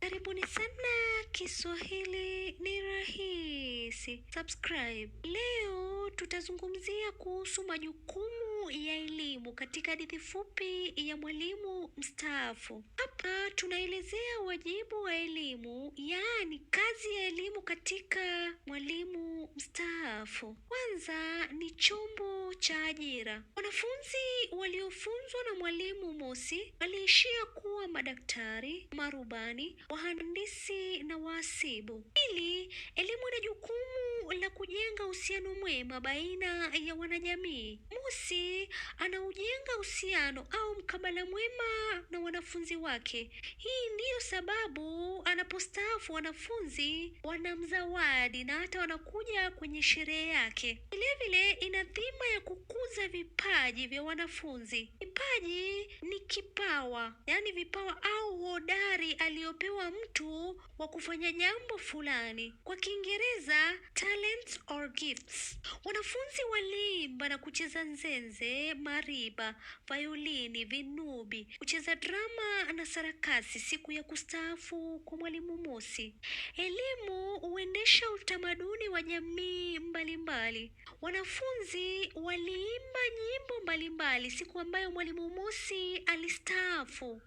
Karibuni sana Kiswahili ni rahisi. Subscribe. Leo tutazungumzia kuhusu majukumu ya elimu katika hadithi fupi ya mwalimu mstaafu. Hapa tunaelezea wajibu wa elimu, yaani kazi ya elimu katika mwalimu mstaafu. Kwanza ni chombo cha ajira. Wanafunzi waliofunzwa na Mwalimu Mosi waliishia kuwa madaktari, marubani, wahandisi na waasibu. Pili, elimu ina jukumu la kujenga uhusiano mwema baina ya wanajamii. musi anaujenga uhusiano au mkabala mwema na wanafunzi wake. Hii ndiyo sababu anapostaafu wanafunzi wanamzawadi na hata wanakuja kwenye sherehe yake. Vilevile ina dhima ya kukuza vipaji vya wanafunzi. Kipaji ni kipawa, yaani vipawa au hodari aliyopewa mtu wa kufanya jambo fulani, kwa Kiingereza talents or gifts. Wanafunzi waliimba na kucheza nzenze, mariba, vayolini, vinubi, kucheza drama na sarakasi siku ya kustaafu kwa Mwalimu Mosi. Elimu huendesha utamaduni wa jamii mbalimbali. Wanafunzi waliimba nyimbo mbalimbali siku ambayo mwalimu Mwalimu Musi alistaafu.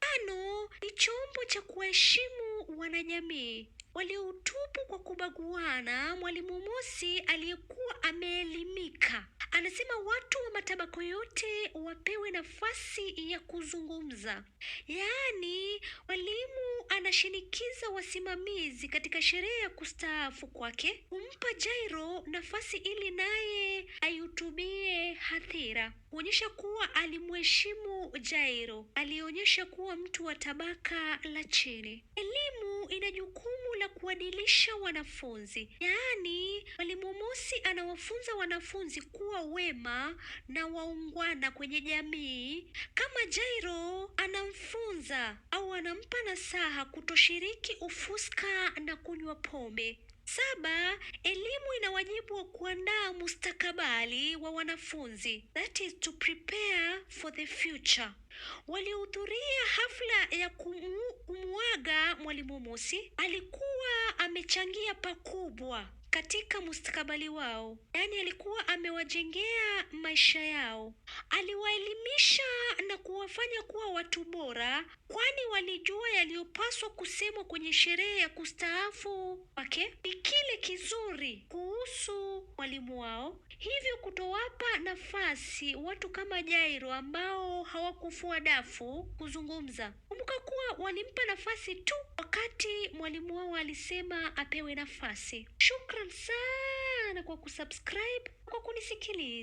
Tano ni chombo cha kuheshimu wanajamii walioutupu kwa kubaguana. Mwalimu Musi aliyekuwa ameelimika Anasema watu wa matabaka yote wapewe nafasi ya kuzungumza, yaani walimu anashinikiza wasimamizi katika sherehe ya kustaafu kwake kumpa Jairo nafasi ili naye aihutubie hadhira kuonyesha kuwa alimheshimu Jairo, alionyesha kuwa mtu wa tabaka la chini. Elimu ina jukumu la kuadilisha wanafunzi, yaani mwalimu Mosi anawafunza wanafunzi kuwa wema na waungwana kwenye jamii, kama Jairo anamfunza au anampa nasaha kutoshiriki ufuska na kunywa pombe. Saba, elimu ina wajibu wa kuandaa mustakabali wa wanafunzi, that is to prepare for the future. Walihudhuria hafla ya kumwaga kumuaga Mwalimu Mosi. Alikuwa amechangia pakubwa katika mustakabali wao, yaani alikuwa amewajengea maisha yao, aliwaelimisha na kuwafanya kuwa watu bora, kwani walijua kinachopaswa kusemwa kwenye sherehe ya kustaafu wake ni kile kizuri kuhusu mwalimu wao, hivyo kutowapa nafasi watu kama Jairo ambao hawakufua dafu kuzungumza. Kumbuka kuwa walimpa nafasi tu wakati mwalimu wao alisema apewe nafasi. Shukran sana kwa kusubscribe, kwa kunisikiliza.